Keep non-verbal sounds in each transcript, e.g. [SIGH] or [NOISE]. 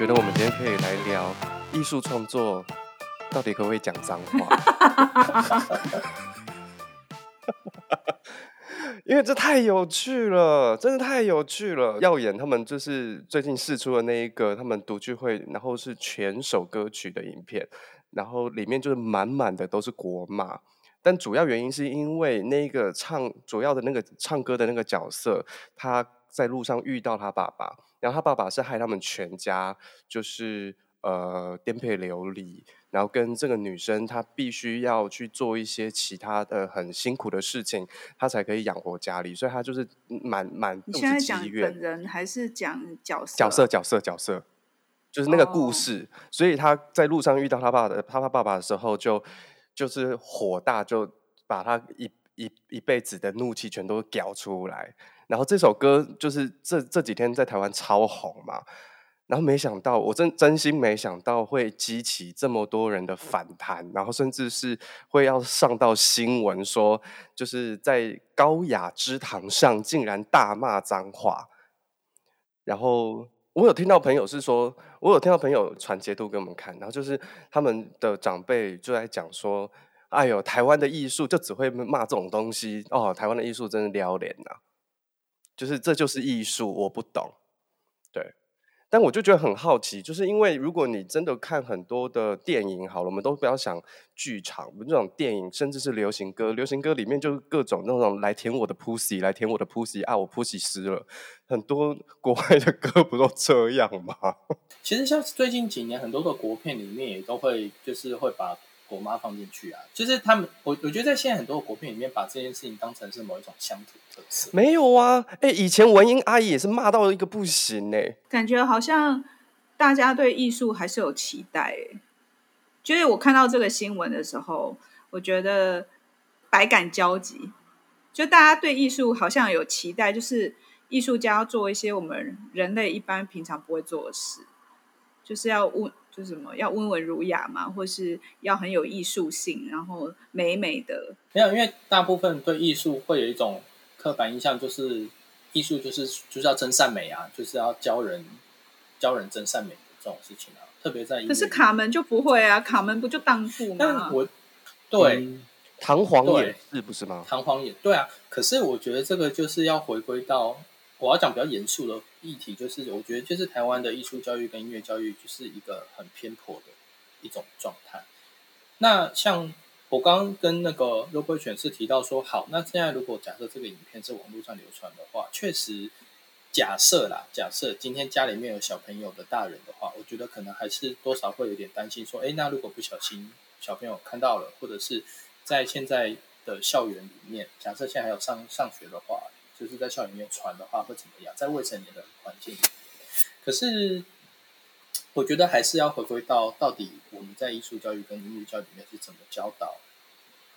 覺得我們今天可以來聊藝術創作，到底可不可以講髒話？ [LAUGHS] [LAUGHS] 因為這太有趣了，真的太有趣了。躍演他們就是最近釋出的那一個，他們讀劇會，然後是全首歌曲的影片，然後裡面就是滿滿的都是國罵。但主要原因是因為那個唱主要的那個唱歌的那個角色，他在路上遇到他爸爸。然後他爸爸是害他們全家，就是呃顛沛流離，然後跟這個女生，她必須要去做一些其他的很辛苦的事情，她才可以養活家裡，所以她就是滿滿。你現在講本人還是講角色？角色角色角色，就是那個故事。Oh. 所以他在路上遇到他爸的，他爸，爸爸的時候就，就就是火大，就把他一一一輩子的怒氣全都屌出來。然後這首歌就是這這幾天在台灣超紅嘛，然後沒想到我真真心沒想到會激起這麼多人的反彈，然後甚至是會要上到新聞說，就是在高雅之堂上竟然大罵髒話。然後我有聽到朋友是說，我有聽到朋友傳截圖給我們看，然後就是他們的長輩就在講說，哎呦，台灣的藝術就只會罵這種東西哦，台灣的藝術真是丟臉吶，啊。就是這就是藝術，我不懂，對，但我就覺得很好奇，就是因為如果你真的看很多的電影好了，我們都不要想劇場，這種電影甚至是流行歌，流行歌裡面就是各種那種來舔我的 pussy 來舔我的 pussy 啊，我 pussy 濕了，很多國外的歌不都這樣嗎？其實像最近幾年很多的國片裡面也都會就是會把。國罵放進去啊，就是他們，我我覺得在現在很多國片裡面，把這件事情當成是某一種鄉土特色。沒有啊，哎、欸，以前文英阿姨也是罵到了一個不行呢、欸。感覺好像大家對藝術還是有期待、欸，就是我看到這個新聞的時候，我覺得百感交集。就大家對藝術好像有期待，就是藝術家要做一些我們人類一般平常不會做的事，就是要問。就什麼要溫文儒雅嘛，或是要很有藝術性，然後美美的。沒有，因為大部分對藝術會有一種刻板印象，就是藝術就是就是要真善美啊，就是要教人教人真善美的這種事情啊。特別在可是卡門就不會啊，卡門不就蕩婦嗎？但我對唐璜、嗯、也是不是嗎？唐璜也對啊。可是我覺得這個就是要回歸到。我要講比較嚴肅的議題，就是我覺得，就是台灣的藝術教育跟音樂教育，就是一個很偏頗的一種狀態。那像我剛跟那個肉桂犬是提到說，好，那現在如果假設這個影片是網絡上流傳的話，確實，假設啦，假設今天家裡面有小朋友的大人的話，我覺得可能還是多少會有點擔心，說，哎、欸，那如果不小心小朋友看到了，或者是在現在的校園裡面，假設現在還有上上學的話。就是在校園裡面傳的話會怎麼樣？在未成年的環境裡面，可是我覺得還是要回歸到到底我們在藝術教育跟音樂教育裡面是怎麼教導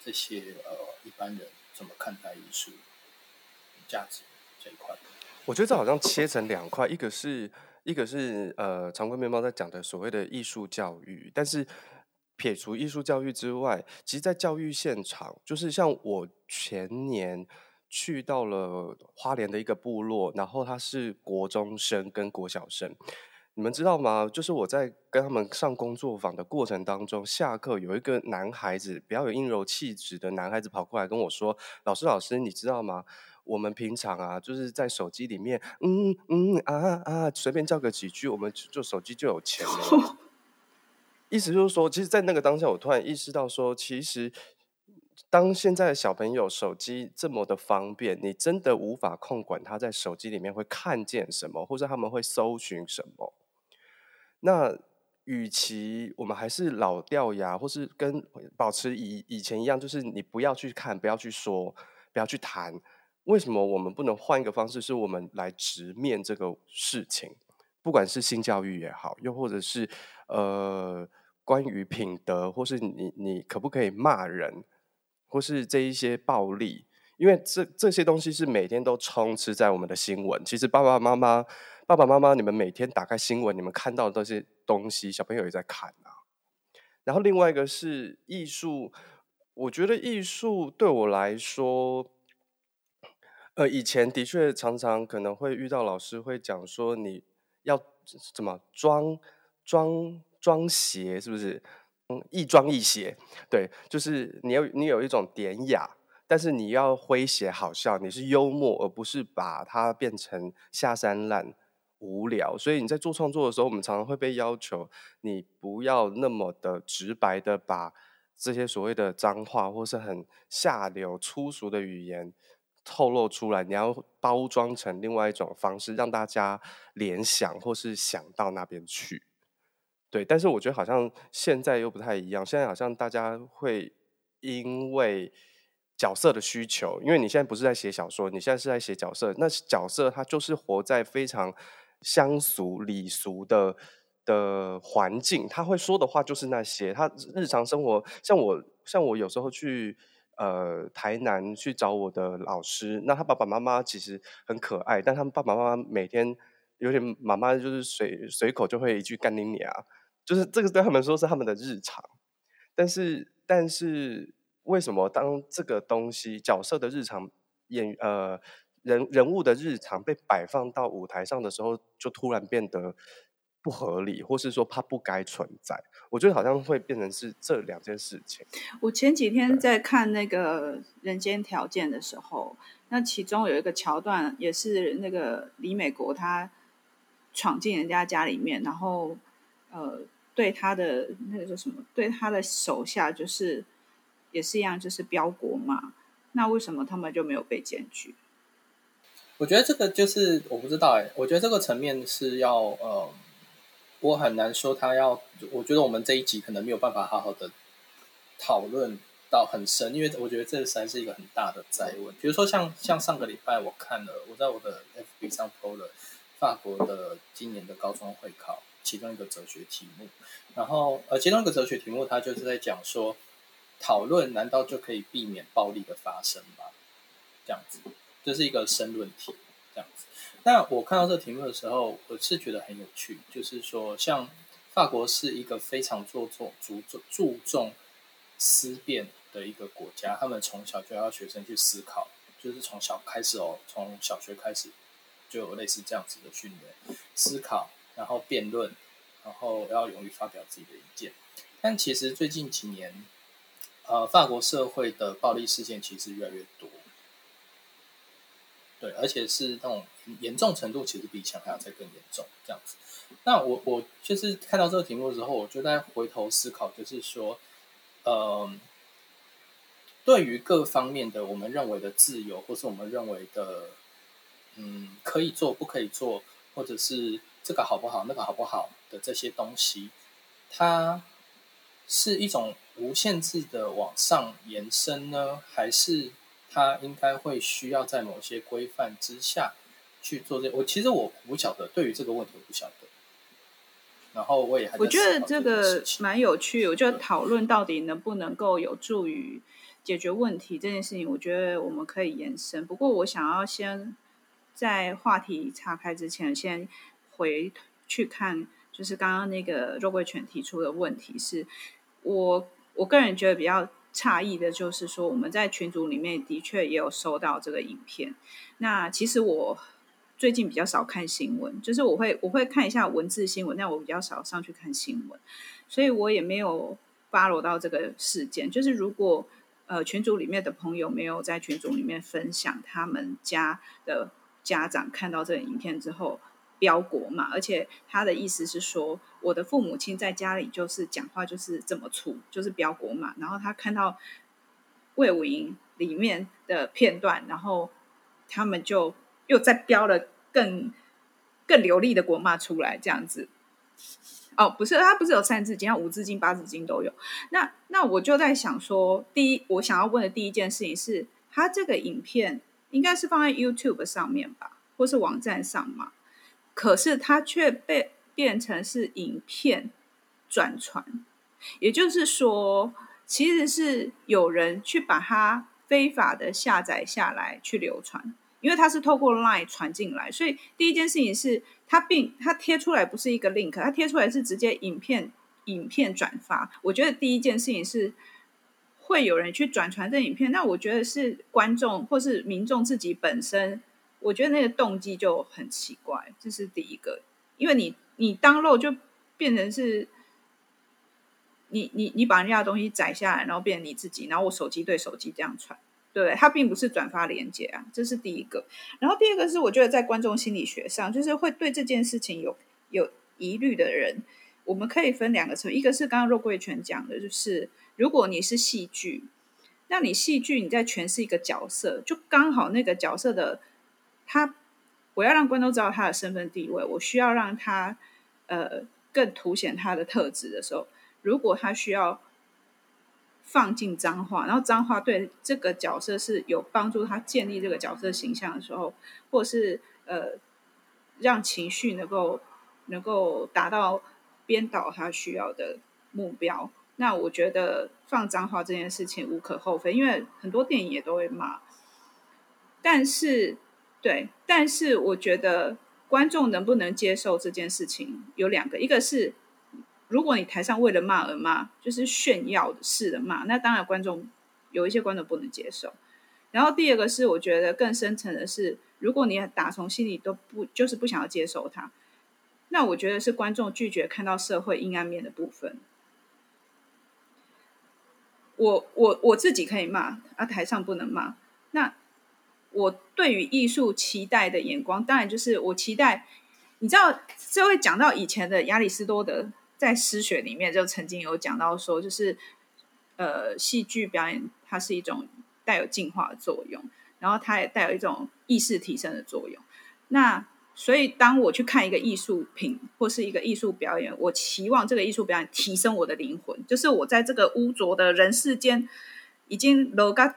這些呃一般人怎麼看待藝術價值這一塊？我覺得這好像切成兩塊，一個是一個是呃長棍麵包在講的所謂的藝術教育，但是撇除藝術教育之外，其實在教育現場，就是像我前年。去到了花蓮的一個部落，然後他是國中生跟國小生，你們知道嗎？就是我在跟他們上工作坊的過程當中，下課有一個男孩子，比較有陰柔氣質的男孩子跑過來跟我說：“老師，老師，你知道嗎？我們平常啊，就是在手機裡面，嗯嗯啊啊，隨便叫個幾句，我們就，就手機就有錢了。 [LAUGHS] ”意思就是說，其實，在那個當下，我突然意識到說，其實。當現在的小朋友手機這麼的方便，你真的無法控管他在手機裡面會看見什麼，或者他們會搜尋什麼？那與其我們還是老掉牙，或是跟保持以以前一樣，就是你不要去看，不要去說，不要去談。為什麼我們不能換一個方式？是我們來直面這個事情，不管是性教育也好，又或者是呃關於品德，或是你你可不可以罵人？或是這一些暴力，因為這這些東西是每天都充斥在我們的新聞。其實爸爸媽媽、爸爸媽媽，你們每天打開新聞，你們看到的這些東西，小朋友也在看啊。然後另外一個是藝術，我覺得藝術對我來說，呃，以前的確常常可能會遇到老師會講說，你要怎麼裝裝裝鞋，是不是？亦莊亦諧，對，就是你要你有一種典雅，但是你要詼諧好笑，你是幽默，而不是把它變成下三濫、無聊。所以你在做創作的時候，我們常常會被要求，你不要那麼的直白的把這些所謂的髒話或是很下流、粗俗的語言透露出來，你要包裝成另外一種方式，讓大家聯想或是想到那邊去。對，但是我覺得好像現在又不太一樣。現在好像大家會因為角色的需求，因為你現在不是在寫小說，你現在是在寫角色。那角色他就是活在非常鄉俗、禮俗的的環境，他會說的話就是那些。他日常生活，像我，像我有時候去呃台南去找我的老師，那他爸爸媽媽其實很可愛，但他們爸爸媽媽每天有點媽媽就是隨隨口就會一句幹你娘。就是這個對他們說是他們的日常，但是但是為什麼當這個東西角色的日常演呃，人人物的日常被擺放到舞台上的時候，就突然變得不合理，或是說它不該存在？我覺得好像會變成是這兩件事情。我前幾天在看那個人間條件的時候，那其中有一個橋段也是那個李美國他闖進人家家裡面，然後。呃，對他的那個叫什麼？對他的手下就是也是一樣，就是飆國嘛。那為什麼他們就沒有被檢舉？我覺得這個就是我不知道哎、欸。我覺得這個層面是要呃，我很難說他要。我覺得我們這一集可能沒有辦法好好的討論到很深，因為我覺得這實在是一個很大的哉問。比如說像像上個禮拜我看了，我在我的 FB 上 PO 了法國的今年的高中會考。其中一個哲學題目，然後呃，其中一個哲學題目，它就是在講說，討論難道就可以避免暴力的發生嗎？這樣子，這、就是一個申論題，這樣子。那我看到這個題目的時候，我是覺得很有趣，就是說，像法國是一個非常注重、注重、注重思辨的一個國家，他們從小就要學生去思考，就是從小開始哦，從小學開始就有類似這樣子的訓練思考。然後辯論，然後要勇於發表自己的意見。但其實最近幾年，呃，法國社會的暴力事件其實越來越多，對，而且是那種嚴重程度其實比以前還要再更嚴重。這樣子，那我我就是看到這個題目之後，我就在回頭思考，就是說，呃，對於各方面的我們認為的自由，或是我們認為的，嗯，可以做不可以做，或者是。這個好不好？那個好不好？的這些東西，它是一種無限制的往上延伸呢，還是它應該會需要在某些規範之下去做這些？我其實我不曉得，對於這個問題我不曉得。然後我也還，我覺得這個蠻有趣，這個、我就討論到底能不能夠有助於解決問題這件事情，我覺得我們可以延伸。不過我想要先在話題岔開之前先。回去看，就是剛剛那個肉桂犬提出的問題是，我我個人覺得比較詫異的就是說，我們在群組裡面的確也有收到這個影片。那其實我最近比較少看新聞，就是我會我會看一下文字新聞，但我比較少上去看新聞，所以我也沒有 follow 到這個事件。就是如果呃群組裡面的朋友沒有在群組裡面分享，他們家的家長看到這個影片之後。飆國罵，而且他的意思是說，我的父母親在家裡就是講話就是這麼粗，就是飆國罵。然後他看到《衛武營》裡面的片段，然後他們就又再飆了更更流利的國罵出來，這樣子。哦，不是，他不是有三字經，啊、五字經，八字經都有。那那我就在想說，第一，我想要問的第一件事情是，他這個影片應該是放在 YouTube 上面吧，或是網站上嗎？可是它卻被變成是影片轉傳，也就是說，其實是有人去把它非法的下載下來去流傳，因為它是透過 Line 傳進來，所以第一件事情是它並它貼出來不是一個 link，它貼出來是直接影片影片轉發。我覺得第一件事情是會有人去轉傳這影片，那我覺得是觀眾或是民眾自己本身。我覺得那個動機就很奇怪，這是第一個，因為你你 download 就變成是你，你你你把人家東西摘下來，然後變成你自己，然後我手機對手機這樣傳，對，對，它並不是轉發鏈接啊，這是第一個。然後第二個是我覺得在觀眾心理學上，就是會對這件事情有有疑慮的人，我們可以分兩個層，一個是剛剛肉桂犬講的，就是如果你是戲劇，那你戲劇你在詮釋一個角色，就剛好那個角色的。他，我要讓觀眾知道他的身份地位，我需要讓他，呃，更凸顯他的特質的時候，如果他需要放進髒話，然後髒話對這個角色是有幫助，他建立這個角色形象的時候，或者是呃，讓情緒能夠能夠達到編導他需要的目標，那我覺得放髒話這件事情無可厚非，因為很多電影也都會罵，但是。對，但是我覺得觀眾能不能接受這件事情有兩個，一個是如果你台上為了罵而罵，就是炫耀式的罵，那當然觀眾有一些觀眾不能接受。然後第二個是我覺得更深層的是，如果你打從心裡都不就是不想要接受他，那我覺得是觀眾拒絕看到社會陰暗面的部分。我我我自己可以罵啊，台上不能罵，那。我對於藝術期待的眼光，當然就是我期待。你知道，就會講到以前的亞里士多德在《詩學》裡面就曾經有講到說，就是呃，戲劇表演它是一種帶有淨化的作用，然後它也帶有一種意識提升的作用。那所以當我去看一個藝術品或是一個藝術表演，我期望這個藝術表演提升我的靈魂，就是我在這個污濁的人世間已經落咖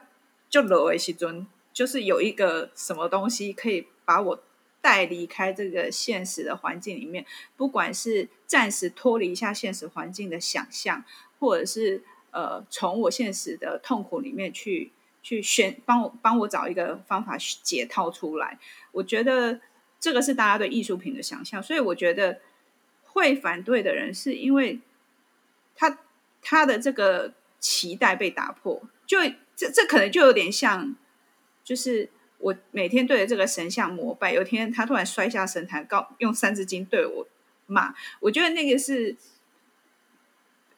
就落的時陣。就是有一個什麼東西可以把我帶離開這個現實的環境裡面，不管是暫時脫離一下現實環境的想象，或者是呃，從我現實的痛苦裡面去去選，幫我幫我找一個方法解套出來。我覺得這個是大家對藝術品的想象，所以我覺得會反對的人是因為他他的這個期待被打破，就這這可能就有點像。就是我每天對着這個神像膜拜，有天他突然摔下神壇，高用三字經對我罵，我覺得那個是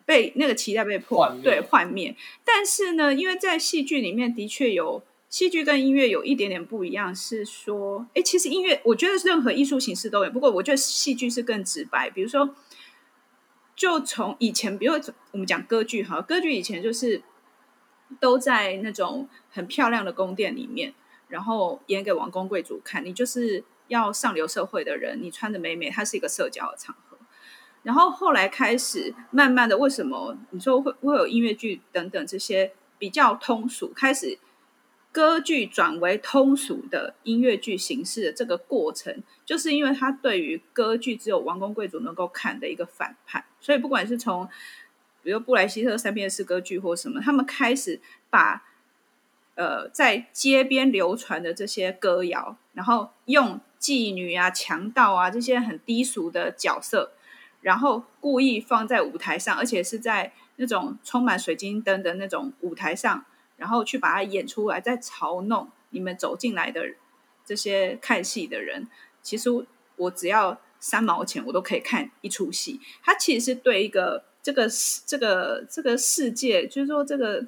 被那個期待被破，幻滅，對幻滅。但是呢，因為在戲劇裡面的確有戲劇跟音樂有一點點不一樣，是說，哎，其實音樂我覺得任何藝術形式都有，不過我覺得戲劇是更直白。比如說，就從以前，比如我們講歌劇，哈，歌劇以前就是。都在那種很漂亮的宮殿裡面，然後演給王公貴族看。你就是要上流社會的人，你穿的美美，它是一個社交的場合。然後後來開始慢慢的，為什麼你說會會有音樂劇等等這些比較通俗，開始歌劇轉為通俗的音樂劇形式的這個過程，就是因為它對於歌劇只有王公貴族能夠看的一個反叛。所以不管是從比如布萊希特三便士歌劇或什麼，他們開始把呃在街邊流傳的這些歌謠，然後用妓女啊、強盜啊這些很低俗的角色，然後故意放在舞台上，而且是在那種充滿水晶燈的那種舞台上，然後去把它演出來，再嘲弄你們走進來的這些看戲的人。其實我只要三毛錢，我都可以看一齣戲。他其實是對一個。這個這個這個世界，就是說，這個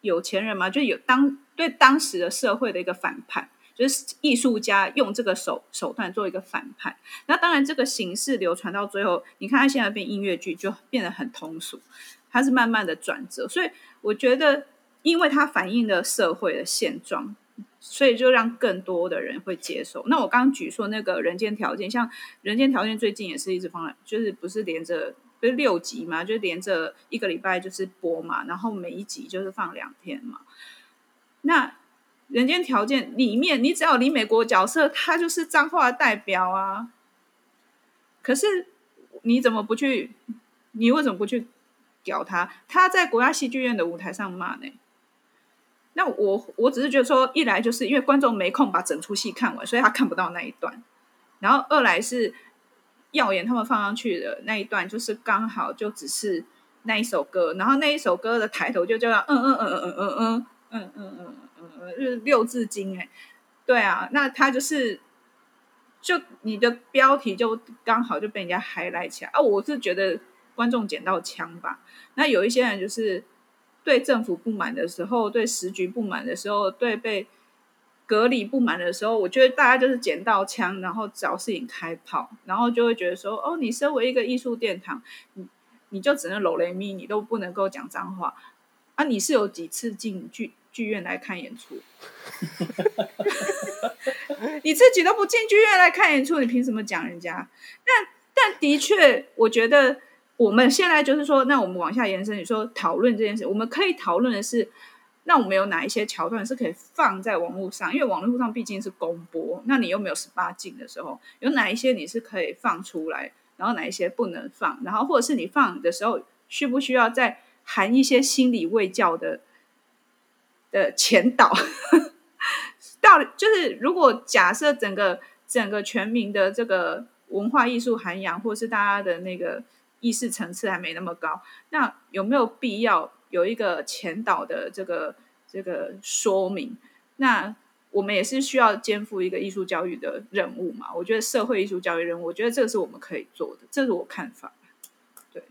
有錢人嘛，就有當對當時的社會的一個反叛，就是藝術家用這個手手段做一個反叛。那當然，這個形式流傳到最後，你看它現在變音樂劇，就變得很通俗，它是慢慢的轉折。所以我覺得，因為它反映了社會的現狀，所以就讓更多的人會接受。那我剛剛舉說那個人間條件，像人間條件最近也是一直放在，就是不是連着。就是、六集嘛，就連着一個禮拜就是播嘛，然後每一集就是放兩天嘛。那《人間條件》裡面，你只要離美國角色，他就是髒話代表啊。可是你怎麼不去？你為什麼不去屌他？他在國家戲劇院的舞台上罵呢？那我我只是覺得說，一來就是因為觀眾沒空把整出戲看完，所以他看不到那一段；然後二來是。躍演，他們放上去的那一段就是剛好就只是那一首歌，然後那一首歌的抬頭就叫做嗯嗯嗯嗯嗯嗯嗯嗯嗯嗯，嗯嗯嗯嗯，六字經哎、欸，對啊，那他就是就你的標題就剛好就被人家 highlight 起來啊！我是覺得觀眾撿到槍吧，那有一些人就是對政府不滿的時候，對時局不滿的時候，對被。隔離不滿的時候，我覺得大家就是撿到槍，然後找事情開炮，然後就會覺得說：哦，你身為一個藝術殿堂，你你就只能摟雷咪，你都不能夠講髒話啊！你是有幾次進劇劇院來看演出？你自己都不進劇院來看演出，你憑什麼講人家？但但的確，我覺得我們現在就是說，那我們往下延伸，你、就是、說討論這件事，我們可以討論的是。那我們有哪一些橋段是可以放在網絡上？因為網絡上畢竟是公播，那你又沒有十八禁的時候，有哪一些你是可以放出來？然後哪一些不能放？然後或者是你放的時候，需不需要再含一些心理衛教的的前導？ [LAUGHS] 到底就是如果假設整個整個全民的這個文化藝術涵養，或者是大家的那個意識層次還沒那麼高，那有沒有必要？有一個前導的這個這個說明，那我們也是需要肩負一個藝術教育的任務嘛。我覺得社會藝術教育任務，我覺得這個是我們可以做的，這是我看法。對，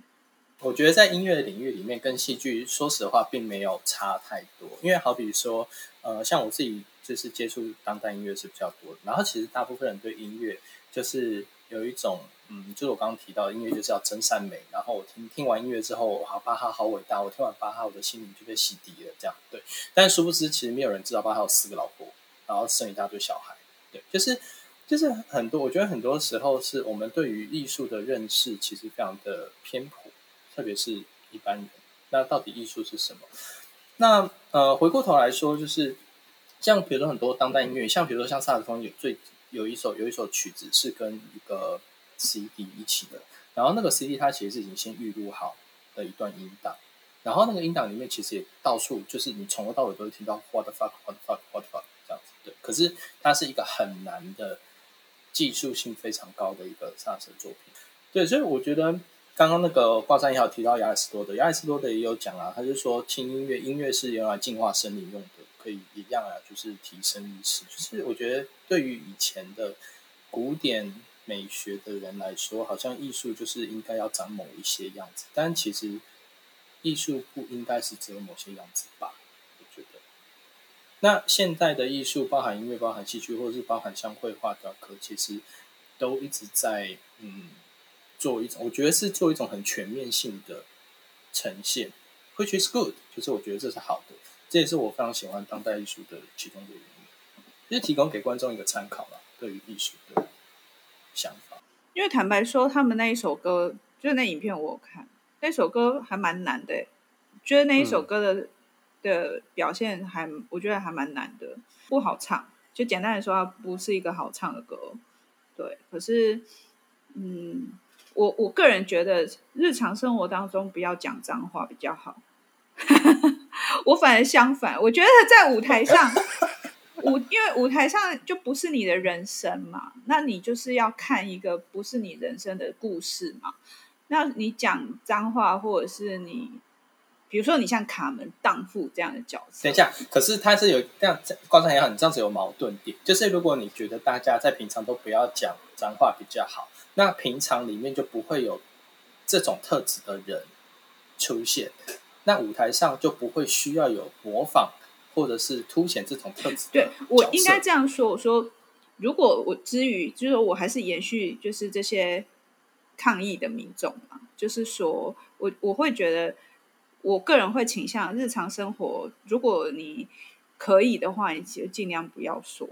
我覺得在音樂的領域裡面，跟戲劇說實話並沒有差太多，因為好比說，呃，像我自己就是接觸當代音樂是比較多的，然後其實大部分人對音樂就是。有一種，嗯，就是我剛剛提到的音樂就是要真善美。然後我聽聽完音樂之後，啊，巴哈好偉大！我聽完巴哈，我的心靈就被洗滌了。這樣，對。但是殊不知，其實沒有人知道巴哈有四個老婆，然後生一大堆小孩。對，就是就是很多，我覺得很多時候是我們對於藝術的認識其實非常的偏頗，特別是一般人。那到底藝術是什麼？那呃，回過頭來說，就是像比如說很多當代音樂，像比如說像薩克斯風有最。有一首有一首曲子是跟一個 CD 一起的，然後那個 CD 它其實是已經先預錄好的一段音檔，然後那個音檔裡面其實也到處就是你從頭到尾都會聽到 what the fuck what the [NOISE] fuck what the [NOISE] fuck 這樣子，對。可是它是一個很難的技術性非常高的一個薩克斯作品，對。所以我覺得剛剛那個卦山也好提到亞里士多德，亞里士多德也有講啊，他就說聽音樂，音樂是用來淨化心靈用的。可以一樣啊，就是提升意識。就是我覺得，對於以前的古典美學的人來說，好像藝術就是應該要長某一些樣子，但其實藝術不應該是只有某些樣子吧？我覺得，那現代的藝術，包含音樂、包含戲劇，或是包含像繪畫、雕刻，其實都一直在嗯做一種，我覺得是做一種很全面性的呈現，which is good，就是我覺得這是好的。這也是我非常喜歡當代藝術的其中的原因，就是提供給觀眾一個參考吧。對於藝術的想法。因為坦白說，他們那一首歌，就是那影片我有看，那首歌還蠻難的、欸，覺得那一首歌的、嗯、的表現還，我覺得還蠻難的，不好唱。就簡單來說，它不是一個好唱的歌。對，可是，嗯，我我個人覺得，日常生活當中不要講髒話比較好。 [LAUGHS] 我反而相反，我覺得在舞台上， [LAUGHS] 舞因為舞台上就不是你的人生嘛，那你就是要看一個不是你人生的故事嘛。那你講髒話，或者是你，比如說你像卡門蕩婦這樣的角色，等一下，可是他是有這樣，觀眾也很這樣子有矛盾點，就是如果你覺得大家在平常都不要講髒話比較好，那平常裡面就不會有這種特質的人出現。那舞台上就不會需要有模仿，或者是凸顯這種特質。對，我應該這樣說：我說，如果我之餘，就是說我還是延續，就是這些抗議的民眾嘛，就是說，我我會覺得，我個人會傾向日常生活。如果你可以的話，你就儘量不要說。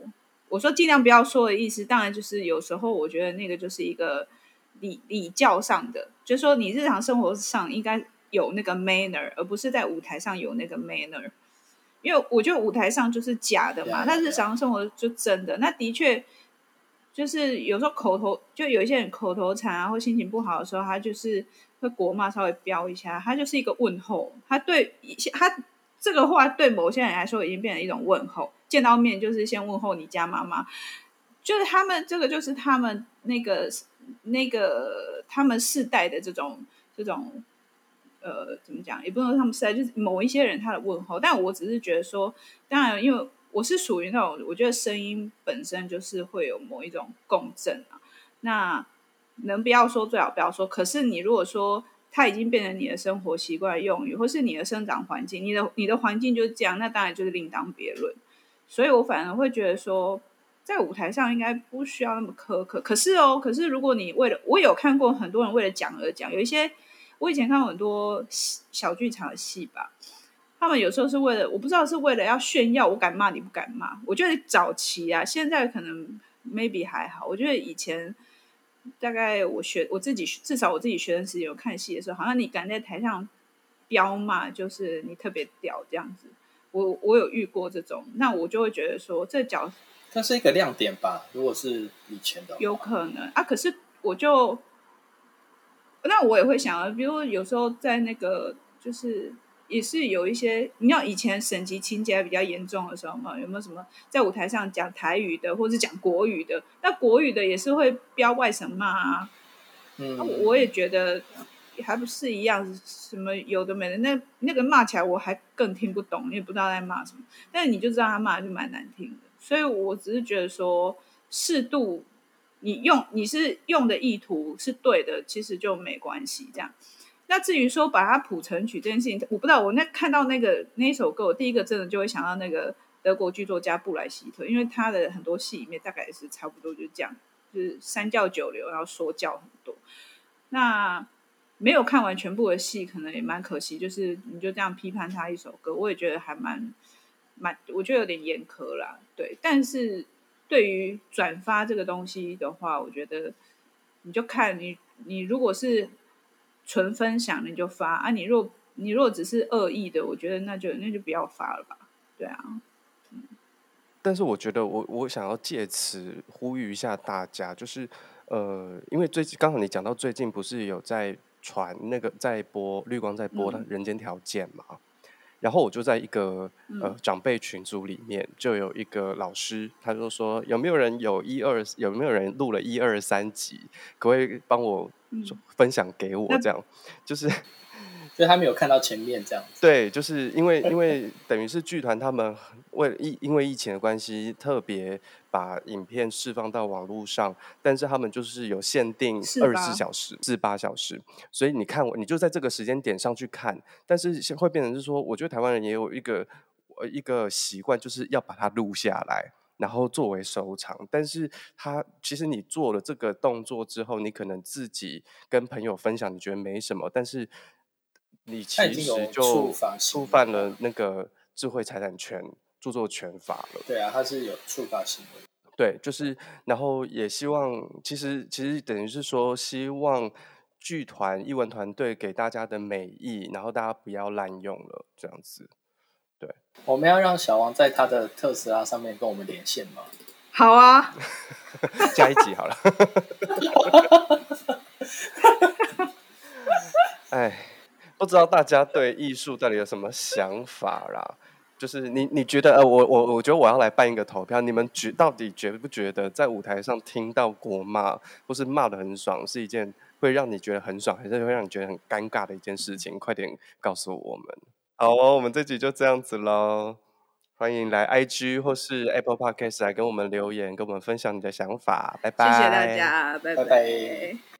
我說儘量不要說的意思，當然就是有時候我覺得那個就是一個禮禮教上的，就是說你日常生活上應該。有那個 manner，而不是在舞台上有那個 manner，因為我覺得舞台上就是假的嘛，那日常生活就真的。那的確就是有時候口頭，就有一些人口頭禪啊，或心情不好的時候，他就是會國罵稍微飆一下，他就是一個問候。他對，他這個話對某些人來說已經變成一種問候，見到面就是先問候你家媽媽，就是他們這個就是他們那個那個他們世代的這種這種。呃，怎麼講？也不能說他們是在，就是某一些人他的問候，但我只是覺得說，當然，因為我是屬於那種，我覺得聲音本身就是會有某一種共振啊。那能不要說，最好不要說。可是你如果說它已經變成你的生活習慣、用語，或是你的生長環境，你的你的環境就這樣，那當然就是另當別論。所以我反而會覺得說，在舞台上應該不需要那麼苛刻。可是哦，可是如果你為了，我有看過很多人為了講而講，有一些。我以前看過很多小劇場的戲吧，他們有時候是為了我不知道是為了要炫耀，我敢罵你不敢罵。我覺得早期啊，現在可能 maybe 還好。我覺得以前大概我學我自己至少我自己學生時期有看戲的時候，好像你敢在台上飆罵，就是你特別屌這樣子。我我有遇過這種，那我就會覺得說這角，它是一個亮點吧。如果是以前的，有可能啊。可是我就。那我也會想啊，比如說有時候在那個，就是也是有一些，你知道以前省籍情結比較嚴重的時候嘛，有沒有什麼在舞台上講台語的，或者講國語的？那國語的也是會飆外省罵啊。嗯，我也覺得還不是一樣，什麼有的沒的。那那個罵起來我還更聽不懂，你也不知道在罵什麼。但你就知道他罵就蠻難聽的，所以我只是覺得說適度。你用你是用的意圖是對的，其實就沒關係這樣。那至於說把它譜成曲這件事情，我不知道。我那看到那個那一首歌，我第一個真的就會想到那個德國劇作家布萊希特，因為他的很多戲裡面大概是差不多就是這樣，就是三教九流然後說教很多。那沒有看完全部的戲，可能也蠻可惜。就是你就這樣批判他一首歌，我也覺得還蠻蠻，我覺得有點嚴苛啦。對，但是。對於轉發這個東西的話，我覺得你就看你，你如果是純分享，你就發啊你；你若你如果只是惡意的，我覺得那就那就不要發了吧。對啊，嗯。但是我覺得我，我我想要借此呼籲一下大家，就是呃，因為最近剛好你講到最近不是有在傳那個在播綠光在播《人間條件》嘛。嗯。然後我就在一個呃長輩群組裡面、嗯，就有一個老師，他就說有沒有人有一二有沒有人錄了一二三集，可不可以幫我、嗯、分享給我這樣，就是。 [LAUGHS] 所以他沒有看到前面這樣。對，就是因為因為等於是劇團他們為疫因為疫情的關係，特別把影片釋放到網絡上，但是他們就是有限定二十四小時至八小時，所以你看我，你就在這個時間點上去看，但是會變成是說，我覺得台灣人也有一個呃一個習慣，就是要把它錄下來，然後作為收藏。但是他其實你做了這個動作之後，你可能自己跟朋友分享，你覺得沒什麼，但是。你其實就觸犯了那個《智慧財產權著作權法》了。對啊，它是有觸發行為。對，就是，然後也希望，其實其實等於是說，希望劇團藝文團隊給大家的美意，然後大家不要濫用了這樣子。對，我們要讓小王在他的特斯拉上面跟我們連線嗎？好啊，加 [LAUGHS] 一集好了。 [LAUGHS] 哎。不知道大家對藝術到底有什麼想法啦？就是你你覺得呃，我我我覺得我要來辦一個投票，你們覺到底覺不覺得在舞台上聽到國罵或是罵的很爽是一件會讓你覺得很爽，還是會讓你覺得很尷尬的一件事情？快點告訴我們！好哦，我們這集就這樣子嘍。歡迎來 I G 或是 Apple Podcast 來跟我們留言，跟我們分享你的想法。拜拜，謝謝大家，拜拜。拜拜。